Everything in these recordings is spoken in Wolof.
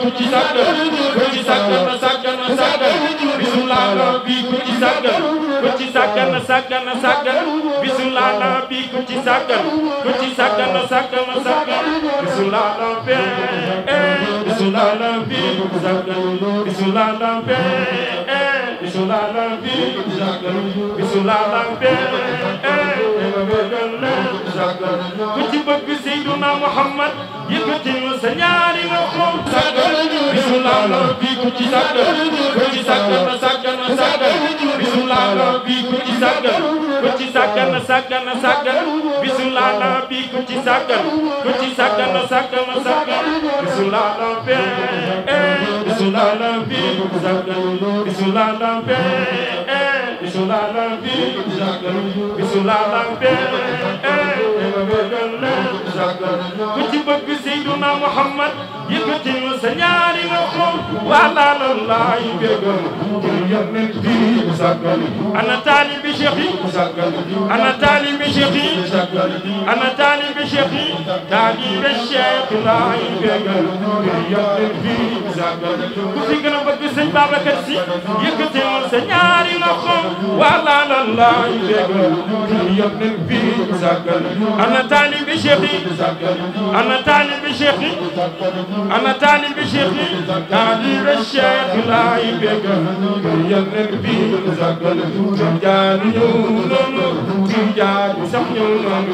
ku ci sàggal ku ci sàggal na sàggal na sàggal bisu laana bi ku ci sàggal ku ci sàggal na sàggal na sàggal bisu laana bi ku ci sàggal ku ci sàggal na sàggal na sàggal bisu laana be eh, bisu laana bi ku sàggal bisu laana be eh, bisu laana bi ku sàggal bisu laana eh, be ku ci bëgg Seydina Muhammad yëkkatil sa ñaari loxo sàggal bismillah rabbi ku ci sàggal ku ci sàggal na sàggal na sàggal bismillah rabbi ku ci sàggal ku ci sàggal na sàggal na sàggal bismillah rabbi ku ci sàggal ku ci sàggal na sàggal na sàggal bismillah rabbi bismillah rabbi sàggal bismillah rabbi bismillah rabbi sàggal bismillah rabbi Never gonna ku ci bëgg Seydina Muhammad yëkkati ñu sa ñaari loxo wala lan laay bégal ngir yonent bi mu sàggal ana taalibi Cheikh yi ana taalibi Cheikh yi ana taalibi Cheikh yi taalibi Cheikh laay bégal ngir yonent bi mu sàggal ku ci gën a bëgg sëñ Babacar Si yëkkati ñu sa ñaari loxo wala lan laay bégal ngir yonent bi mu sàggal ana taalibi Cheikh yi أنا طالب بشيخي أنا طالب بشيخي طالب الشيخ لا يبقى يلك بي تجار يولون تجار سحيون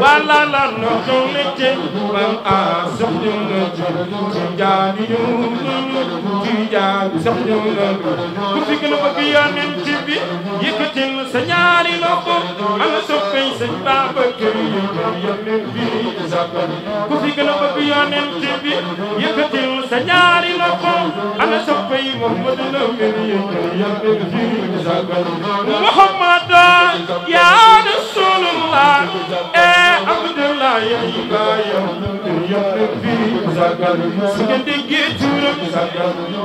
ولا لا نحن من أسحيون تجار يولون تجار سحيون كفك نبقي ننتبي يكتن سنياري لكم أنا سبقي سنبابك يلك بي ku fi gën a bëgg yonent a yëkkatil sa ñaari loxo ana soppe yi Muhammadu la min yëkkatil Muhammadu yaa Rasulullah ee Abdullah yaa yi baayam su ngeen déggee turam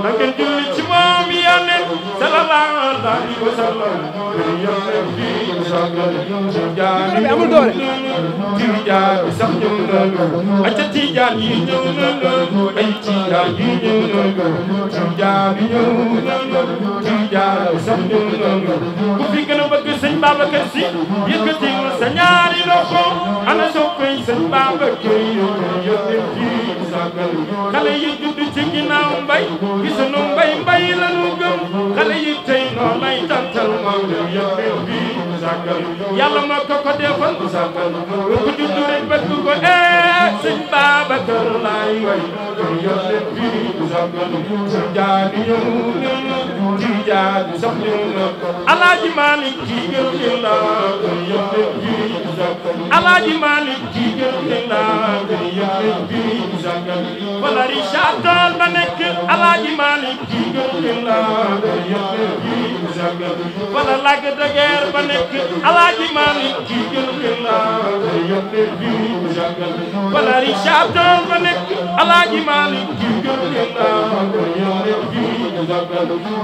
na ngeen julli ci moom yonent sallallahu alayhi wa sallam bi amul doole tijaan bi sax ñëw na acca tijaan yi ñëw na ay tijaan yi ñëw na tijaan yi ñëw na tijaan sax ñëw na ku fi gën a Babacar Sy yëkkatil sa ñaari loxo ana soppeñ sëñ Babacar yónnee fii sàggal xale yi judd ci ginnaaw mbay gisunu mbay mbay la nu gëm xale yi tey noo lay tantal moom yónnee fii sàggal yàlla moo ko ko defal sàggal ku judd rek bëgg ko eh sëñ Babacar laay way yónnee fii sàggal su jaani ñëw di jaaju sax ñun alaaji Malick ki gërëm leen ba nekk alaaji Malick ki gërëm leen laa kon yëpp leen bii di sàkkal wala Lac de ba nekk alaaji Malick ki gërëm leen laa kon yëpp leen bii di sàkkal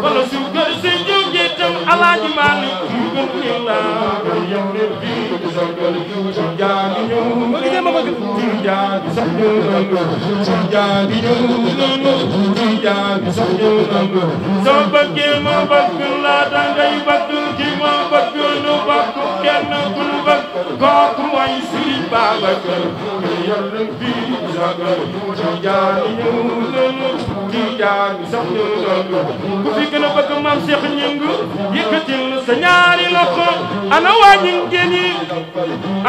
wala suukar si njuum ji tam alaaji Maalik suukar ni la jaagi ñëw jaagi sax ñëw nangu jaagi ñëw nangu jaagi sax ñëw nangu soo bëggee ma bëgg la dangay bëgg ki ma bëgg nu bëgg kenn ku nu bëgg kooku mooy Sëriñ Babacar tàggoo tijaan ñëw nañu tijaan sax ñëw nañu ku fi gën a sa ñaari loxo ana waa ñingini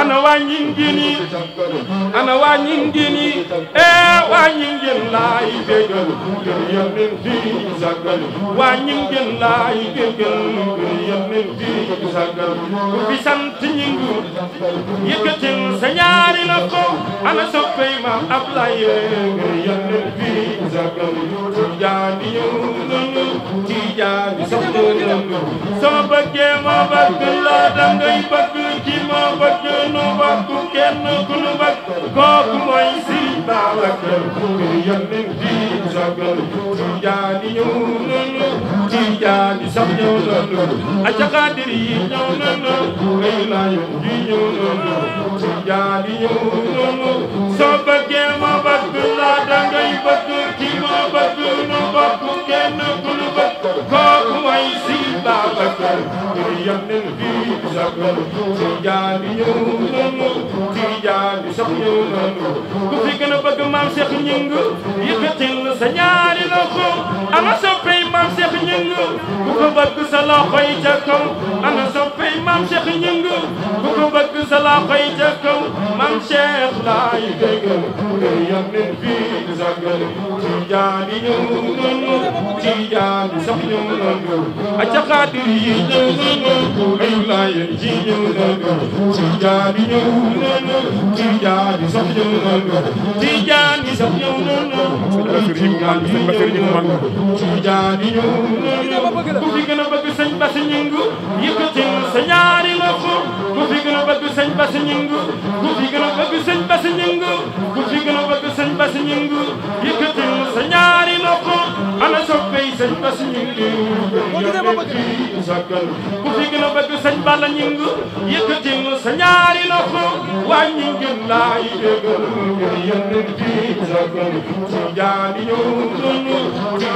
ana waa ñingini ana waa ñingini e waa ñingin laay déggal ngir yemin fi sagal waa ñingin laay déggal ngir yemin fi sagal ku fi sant ñingu yëkkatil sa ñaari loxo ana soppay maam Ablaye ngir yemin fi sagal tijaani yow noonu tijaani soxla noonu sama bëgg bëggee ma bëgg laa dangay bëgg ci ma bëgg nu bëgg kenn ku nu bëgg kooku mooy si Babacar yónni di sagal Tijaani ñëw nañu Tijaani sax ñëw nañu aca Xaadir yi ñëw nañu ay layo di ñëw nañu Tijaani ñëw nañu soo bëggee ma bëgg laa dangay bëgg sunu bopp kenn ku nu bëgg kooku mooy si Babacar ngir yónneen fii sakkal Tijaan ñëw nañu Tijaan sax ñëw nañu ku fi gën a bëgg maam Cheikh Ñing yëkkatil sa ñaari loxo bëgg sa loxo yi ca kaw ana soppey maam Cheikh ñëng ku ko bëgg sa loxo yi ca kaw maam Cheikh laay déggal day yam leen fii sàggal ci jaani ñëw noonu ci jaani sax ñëw noonu a ca xaadir yi ñëw noonu ay laayeen ji ñëw noonu ci jaani ñëw noonu ci jaani sax ñëw noonu ci jaani sax ñëw noonu ci jaani ñëw noonu fi gën a bëgg sëñ Bass Gningue yëkkatil sa ñaari loxo ku fi gën a bëgg sëñ Bass Gningue ku fi gën a bëgg sëñ Bass Gningue ku fi gën a bëgg sëñ Bass Gningue ci sakkal ku fi gën a sa ñaari loxo waa Gningue ci sakkal ci jaami ci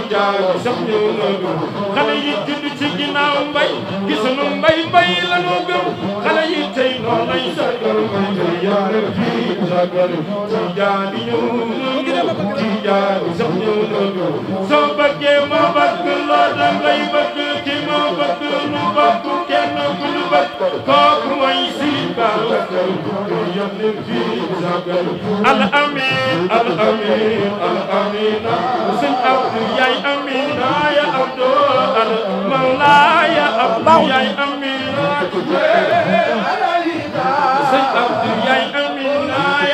jaami sax ñëw na jaaru sax ñëw loolu soo bëggee ma bëgg loo dangay bëgg ki ma bëgg nu bëgg kenn ku nu bëgg kooku mooy Sëriñ Babacar mooy yam leen fii sagal al amin al amin al amina sëñ Abdou yaay amina ya Abdou al mawla ya Abdou yaay amina sëñ Abdou yaay amina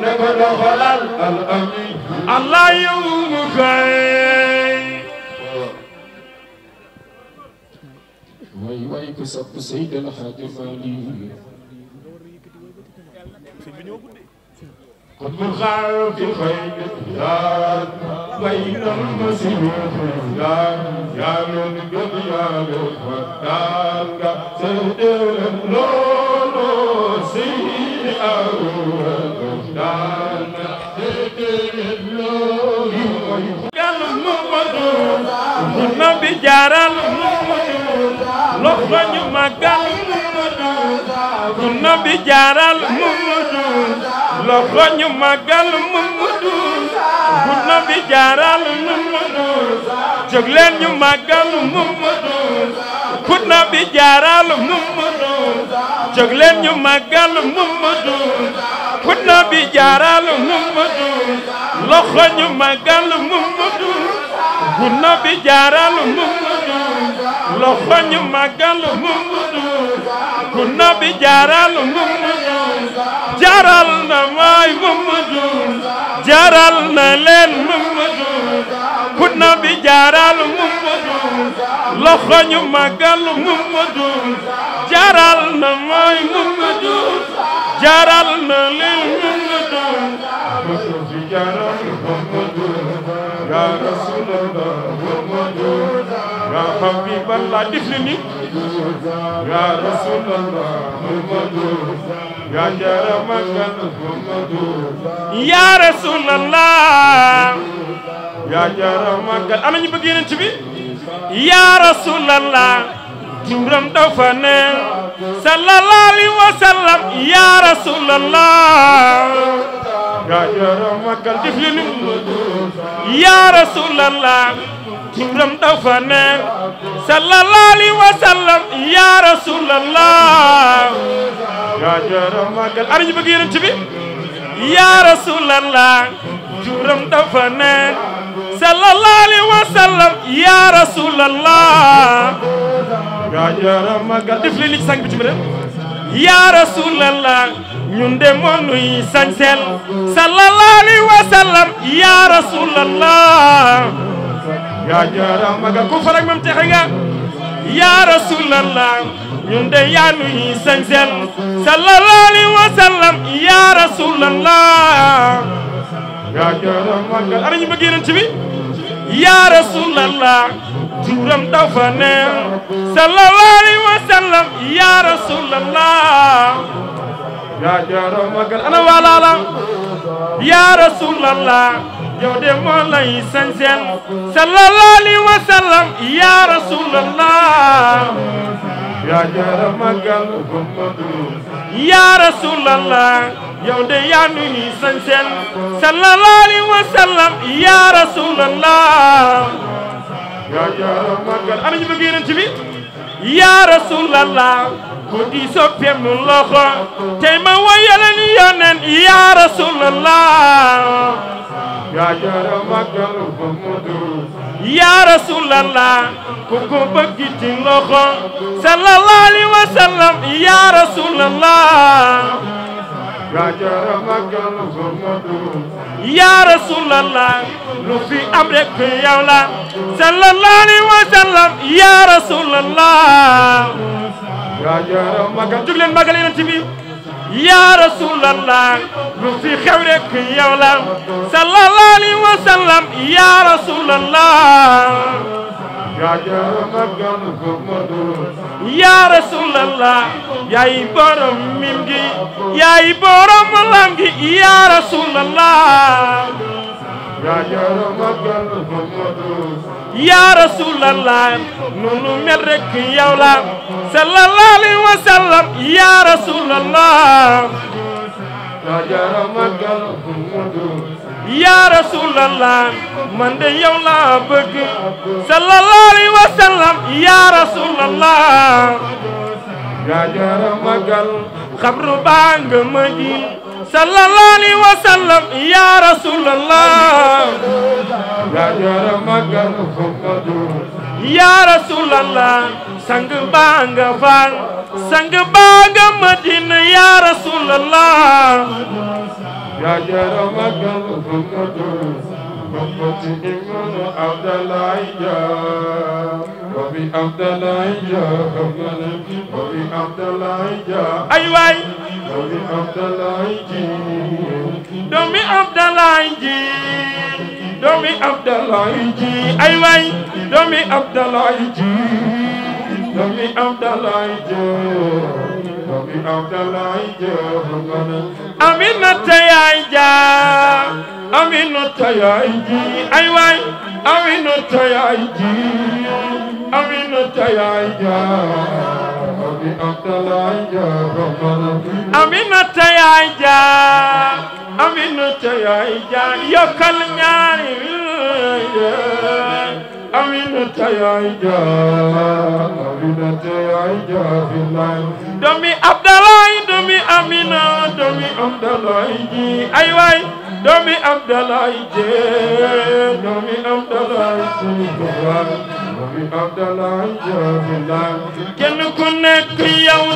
نقول خلال الأمين الله يوم خير وي وي كسب سيد الحاج مالي قد مخاف خير يا بين المسيح يا يا من قد يا يا سيد النور سيد أروى nabi jaaral loxo ñu màggal ku nabi jaaral loxo ñu màggal Mamadu ku nabi jaaral jóg leen ñu màggal Mamadu ku nabi jaaral jóg leen ñu màggal Mamadu ku nabi jaaral Muhammadu loxo ñu magal Muhammadu ku nabi jaaral Muhammadu loxo ñu magal Muhammadu ku nabi jaaral Muhammadu jaaral na maay Muhammadu jaaral na leen Muhammadu ku nabi jaaral Muhammadu loxo ñu magal Muhammadu jaaral na maay Muhammadu jaral na lil mumdun Muhammadu jaral Muhammadu ya Rasulallah Muhammadu ya Habiballah def na ni ya Rasulallah Muhammadu ya jara magal Muhammadu ya Rasulallah ya jara magal ana ñu bëgg yonent bi ya Rasulallah turam dafa ne sallallahu alayhi wa sallam ya rasulallah yaa jaram magal def li nu ya rasulallah kiram dafa ne sallallahu alayhi wa sallam ya rasulallah yaa jaram magal ara ñu bëgg yonent bi ya rasulallah juram dafa ne sallallahu alayhi wa sallam ya rasulallah yaa jaara magal def li ci sang bi ci mu dem yaa rasulallah ñun de moo nuy sañseel sallallahu alayhi wa sallam yaa rasulallah yaa jaara magal ku farag mam texe nga yaa rasulallah ñun de yaa nuy sañseel sallallahu alayhi wa sallam yaa rasulallah yaa jaara magal ana ñu bëgg yonent bi yaa rasulallah turam dafa ne sallallahu alayhi wa sallam ya rasulallah yaa jaaroo magal ana walaala ya rasulallah yow de moo lay sañseen sallallahu alayhi wa sallam ya rasulallah yaa jaaroo magal ya rasulallah yow de yaa nu ñuy sañseen sallallahu alayhi wa sallam ya rasulallah ana ñu bëgg yeneen ci bi yaa rasulallah ku di soppeem loxo tey ma woyalan yonen yaa rasulallah yaa jara magal Muhammadu yaa rasulallah ku ko bëgg loxo sallallahu alayhi wa sallam yaa rasulallah yaa rasulallah lu fi am rek yow la sallallahu alayhi wa sallam yaa rasulallah jóg leen magal yonent bi yaa rasulallah lu fi xew rek yow la sallallahu alayhi wa sallam yaa rasulallah yaa rasulallah yaay borom mim gi yaay borom lam gi yaa rasulallah nunu mel rek yow la sallallahu alayhi wa sallam yaa rasulallah yaa rasulallah man de yow laa bëgg sallallahu alayhi wa sallam yaa rasulallah gaajara magal xabru baa nga madin sallallahu alayhi wa sallam yaa rasulallah gaajara magal yaa rasulallah sang baa nga faan sang baa nga madin yaa rasulallah يا جرمك الخلد بقت إيمان عبد الله وبي عبد الله وبي عبد الله أيوة وبي عبد الله دومي عبد الله doomi Abdalaay ji ay waay doomi Abdalaay ji doomi Abdalaay ji aminata yaay jaa aminata yaay ji ay waay aminata yaay ji aminata yaay jaa aminata yaay jaa aminata yaay jaa yokkal ñaari أمين تيايجا أمين تيايجا في الله دمي عبد الله دمي أمينة دمي عبد الله جي أي واي دمي عبد الله جي دمي عبد الله جي doomi Abdoulaye Diofila. kenn ku nekk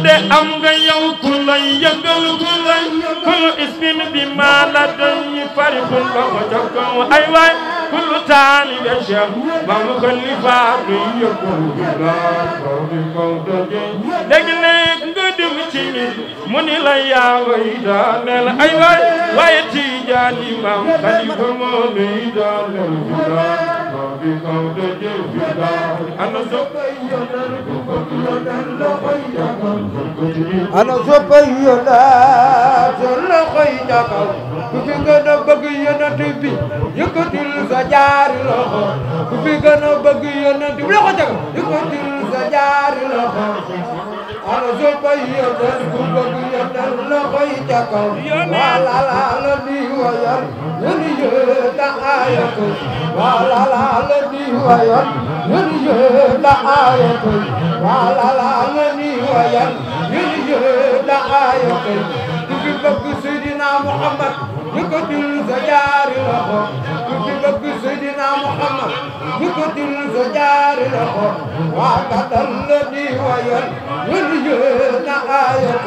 de am nga yow ku lay yëngal ku lay. kulu ismin bi maa la doon ñu fari bul ba ko ay waay. كل طالب الشيخ ما مخلفا يقول بلا صوت قوتك لكن قدم تيمين من لا يا ويدا نل اي واي واي تيجان امام خليفه مولى دال بلا صوت قوتك بلا انا انا سوف يلا تلقيتك كنت بدك ينت sa jaari loxo ku fi gën a bëgg yonent bi loxo jag di ko til sa jaari loxo ana soppa yonent ku bëgg yonent loxo yi ca kaw wala la la di wayan yoni yo da ayako wala la la di wayan yoni yo da ayako wala la la di wayan yoni yo da ayako ku fi bëgg Seydina Muhammad di ko til sa jaari loxo ku fi bëgg بكت الزجار له وعدت الذي وين يليون آية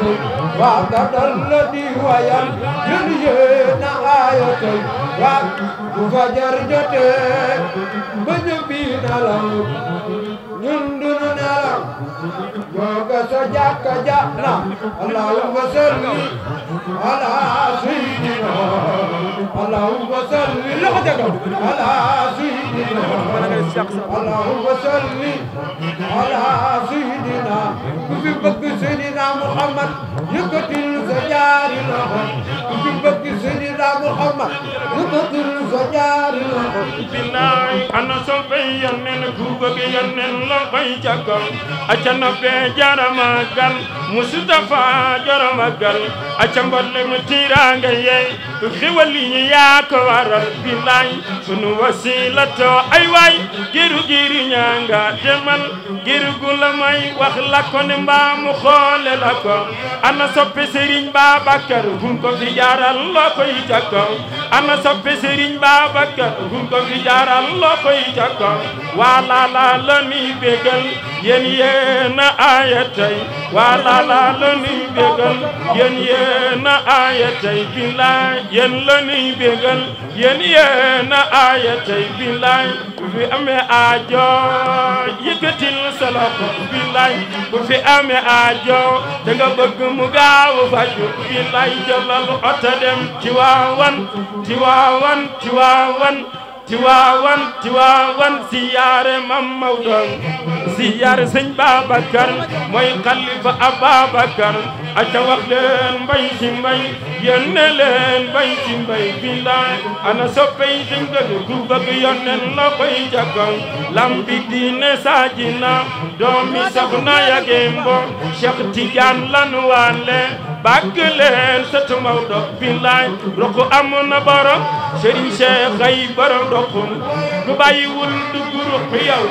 وعدت الذي وين يليون آية وفجر جتك بنبينا له فوق سجاك جانا اللهم صل على سيدنا اللهم صل على سيدنا اللهم صل على سيدنا في بك سيدنا محمد يكتل سجارنا bëgg Seydina Muhammad lu bëgg sa ñaari loxo billaay ana soppey yonneen ku bëgg yonneen la koy jagal acca na bee jarama gal Mustafa joro magal aca mboolem tiiraange yey xéwal yi ñu yaa ko waral bilaay sunu wasila too ay waay giru giri ñaanga demal giru gu la may wax la ko xoole la ko ana soppe Serigne Babacar gum ko fi jaaral loo koy jàkkaw ana soppe Serigne Babacar gum ko fi jaaral loo koy jàkkaw waa laa laa la ni bégal yéen yéen waa laa taala la nuy bégal yéen yéen a aaya tey billaay yéen la nuy bégal yéen yéen a aaya tey billaay bu fi amee aajo yëkkatil sa loxo billaay bu fi amee aajo da nga bëgg mu gaaw faju billaay jëlal oto dem ci waawan ci waawan ci waawan ci waawan ci waawan siyaare mam Maodo ziyaar sëñ a mooy xalifa Ababacar aca wax leen mbay ci mbay yónne leen mbay ci mbay billaay ana soppey sëñ dëgg ku bëgg yónneen la koy jàkkaw lambi diine saajina doomi soxna yagembo Cheikh Tidiane lan waale bàgg leen sëtu Maodo billaay roko amoon na borom sëriñ Cheikh ay borom doxum du bàyyiwul dugg ruq yow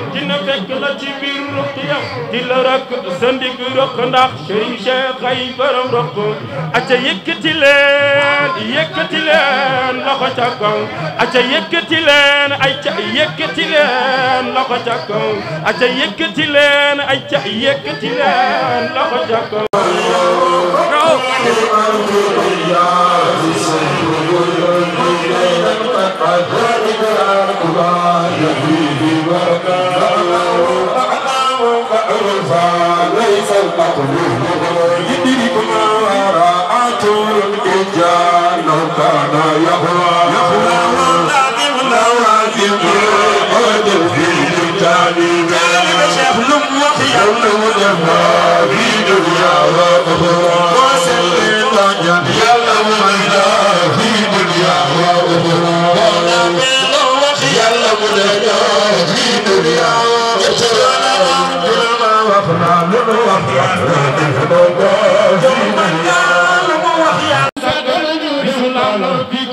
fekk la ci biir ruqiya di la rakk sa a rokk ndax Serigne Cheikh ay borom rokk aca yëkkati leen yëkkati leen loxo ca kaw aca yëkkati leen ay ca yëkkati leen loxo ca kaw aca yëkkati leen ay ca yëkkati leen loxo ca kaw انه كان يهوى يهوى وقادم لوازم عود في جانب شبل وخيام ولهوى في دنيا واخرى وسلم يا مولانا في دنيا واخرى يا مولانا في دنيا واخرى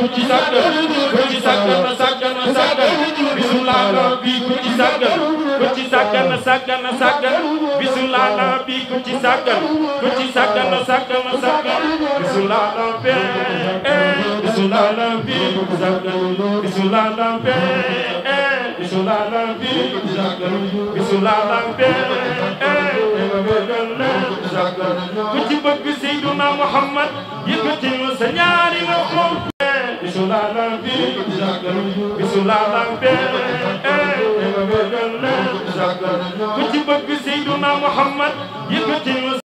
ku ci sàggal ku ci sàggal na sàggal na sàggal bismillah rabbi ku ci sàggal ku ci sàggal na sàggal na sàggal bismillah rabbi ku ci sàggal ku ci sàggal na sàggal na sàggal bismillah rabbi bismillah rabbi sàggal bismillah rabbi bismillah rabbi sàggal bismillah rabbi ku ci bëgg Seydina Muhammad yëkkati sa ñaari loxo Bisulalambé Bisulalambé ku ci bëgg Seydina Muhammad yëkkati